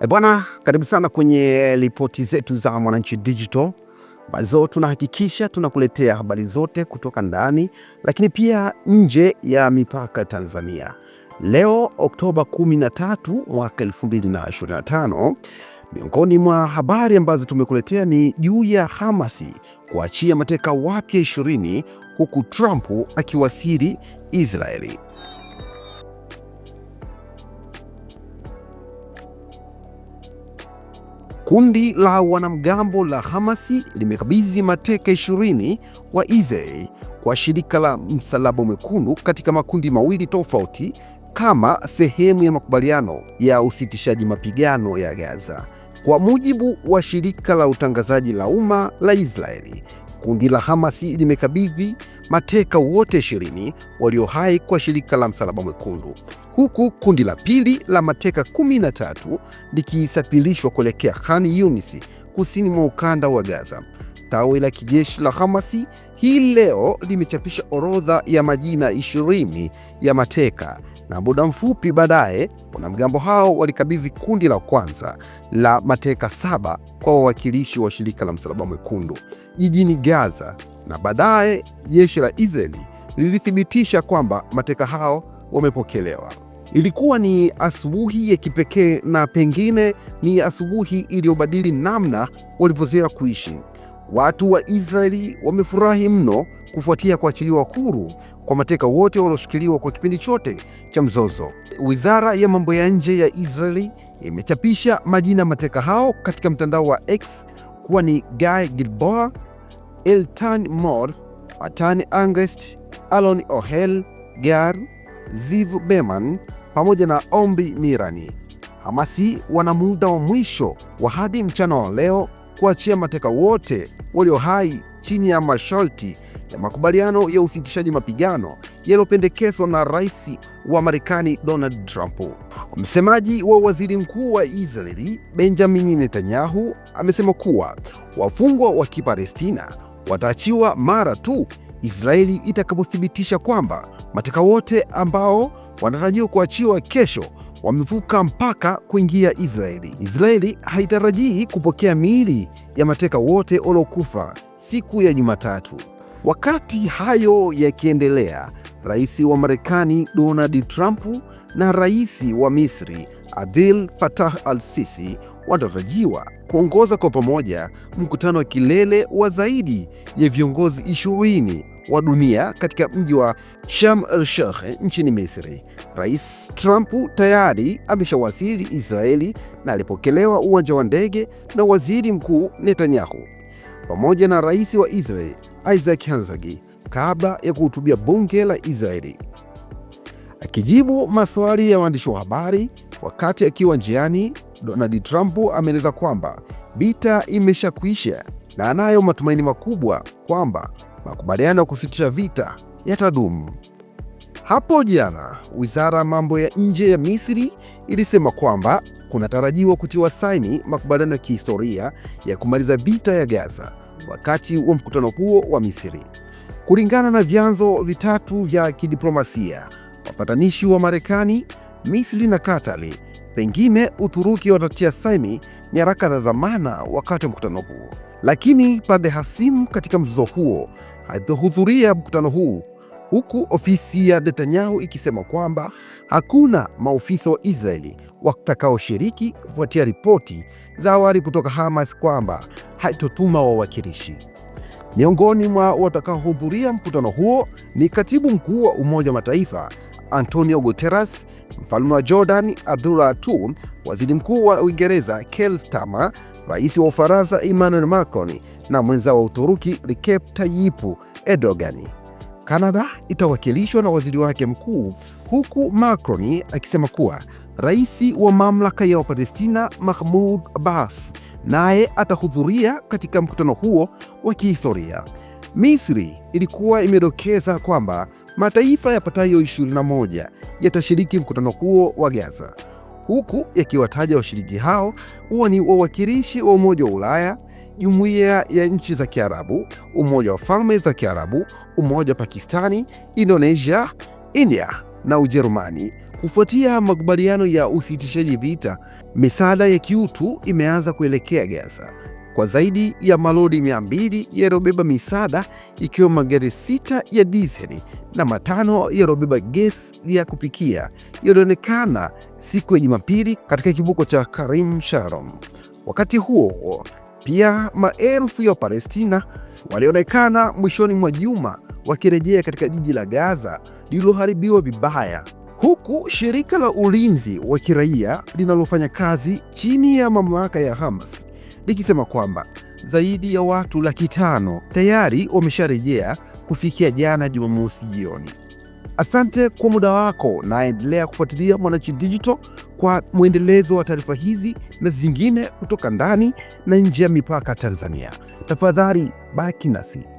E bwana, karibu sana kwenye eh, ripoti zetu za Mwananchi Digital ambazo tunahakikisha tunakuletea habari zote kutoka ndani lakini pia nje ya mipaka Tanzania. Leo Oktoba 13 mwaka 2025, miongoni mwa habari ambazo tumekuletea ni juu ya Hamasi kuachia mateka wapya 20 huku Trump akiwasili Israeli. Kundi la wanamgambo la Hamasi limekabidhi mateka 20 wa Israel kwa shirika la Msalaba Mwekundu katika makundi mawili tofauti kama sehemu ya makubaliano ya usitishaji mapigano ya Gaza. Kwa mujibu wa shirika la utangazaji la umma la Israeli, Kundi la Hamasi limekabidhi mateka wote ishirini walio hai kwa shirika la Msalaba Mwekundu, huku kundi la pili la mateka na tatu likisafirishwa kuelekea Khan Yunis, kusini mwa ukanda wa Gaza. Tawi la kijeshi la Hamasi hii leo limechapisha orodha ya majina ishirini ya mateka na muda mfupi baadaye wanamgambo hao walikabidhi kundi la kwanza la mateka saba kwa wawakilishi wa shirika la Msalaba Mwekundu jijini Gaza, na baadaye jeshi la Israeli lilithibitisha kwamba mateka hao wamepokelewa. Ilikuwa ni asubuhi ya kipekee na pengine ni asubuhi iliyobadili namna walivyozoea kuishi. Watu wa Israeli wamefurahi mno kufuatia kuachiliwa huru kwa mateka wote walioshikiliwa kwa kipindi chote cha mzozo. Wizara ya mambo ya nje ya Israeli imechapisha majina ya mateka hao katika mtandao wa X kuwa ni Guy Gilboa, Eltan Mor, Atan Angrest, Alon Ohel Gar, Ziv Beman pamoja na ombi Mirani. Hamasi wana muda wa mwisho wa hadi mchana wa leo kuachia mateka wote walio hai chini ya masharti ya makubaliano ya usitishaji mapigano yaliyopendekezwa na rais wa Marekani Donald Trump. Msemaji wa waziri mkuu wa Israeli Benjamin Netanyahu amesema kuwa wafungwa wa Kipalestina wataachiwa mara tu Israeli itakapothibitisha kwamba mateka wote ambao wanatarajiwa kuachiwa kesho wamevuka mpaka kuingia Israeli. Israeli haitarajii kupokea miili ya mateka wote waliokufa siku ya Jumatatu. Wakati hayo yakiendelea, rais wa Marekani Donald Trump na rais wa Misri Abdel Fattah al-Sisi wanatarajiwa kuongoza kwa pamoja mkutano wa kilele wa zaidi ya viongozi ishirini wa dunia katika mji wa Sharm el-Sheikh nchini Misri. Rais Trump tayari ameshawasili Israeli na alipokelewa uwanja wa ndege na Waziri Mkuu Netanyahu pamoja na rais wa Israel Isaac Herzog kabla ya kuhutubia bunge la Israeli. Akijibu maswali ya waandishi wa habari wakati akiwa njiani, Donald Trump ameeleza kwamba vita imeshakwisha na anayo matumaini makubwa kwamba makubaliano ya kusitisha vita yatadumu. Hapo jana wizara ya mambo ya nje ya Misri ilisema kwamba kunatarajiwa kutiwa saini makubaliano ya kihistoria ya kumaliza vita ya Gaza wakati wa mkutano huo wa Misri. Kulingana na vyanzo vitatu vya kidiplomasia, wapatanishi wa Marekani, Misri na Katari, pengine Uturuki watatia saini nyaraka za dhamana wakati wa mkutano huo, lakini pande hasimu katika mzozo huo hazitahudhuria mkutano huu huku ofisi ya Netanyahu ikisema kwamba hakuna maofisa wa Israeli watakaoshiriki kufuatia ripoti za awali kutoka Hamas kwamba haitotuma wawakilishi. Miongoni mwa watakaohudhuria mkutano huo ni katibu mkuu wa Umoja wa Mataifa Antonio Guterres, mfalme wa Jordan Abdullah II, waziri mkuu wa Uingereza Keir Starmer, rais wa Ufaransa Emmanuel Macron na mwenza wa Uturuki Recep Tayyip Erdogan. Kanada itawakilishwa na waziri wake mkuu, huku Macron akisema kuwa rais wa mamlaka ya Wapalestina Mahmoud Abbas naye atahudhuria katika mkutano huo wa kihistoria. Misri ilikuwa imedokeza kwamba mataifa yapatayo 21 yatashiriki mkutano huo wa Gaza, huku yakiwataja washiriki hao huwa ni wawakilishi wa Umoja wa Ulaya, Jumuiya ya Nchi za Kiarabu, Umoja wa Falme za Kiarabu, Umoja wa Pakistani, Indonesia, India na Ujerumani. Kufuatia makubaliano ya usitishaji vita, misaada ya kiutu imeanza kuelekea Gaza kwa zaidi ya malori 200 yaliyobeba misaada ikiwemo magari sita ya dizeli na matano yaliyobeba gesi ya kupikia yalionekana siku ya Jumapili katika kivuko cha Karim Shalom. Wakati huo pia maelfu ya Wapalestina walionekana mwishoni mwa juma wakirejea katika jiji la Gaza lililoharibiwa vibaya, huku shirika la ulinzi wa kiraia linalofanya kazi chini ya mamlaka ya Hamas likisema kwamba zaidi ya watu laki tano tayari wamesharejea kufikia jana Jumamosi jioni. Asante kwa muda wako, naendelea kufuatilia Mwananchi Digital kwa mwendelezo wa taarifa hizi na zingine kutoka ndani na nje ya mipaka Tanzania. Tafadhali baki nasi.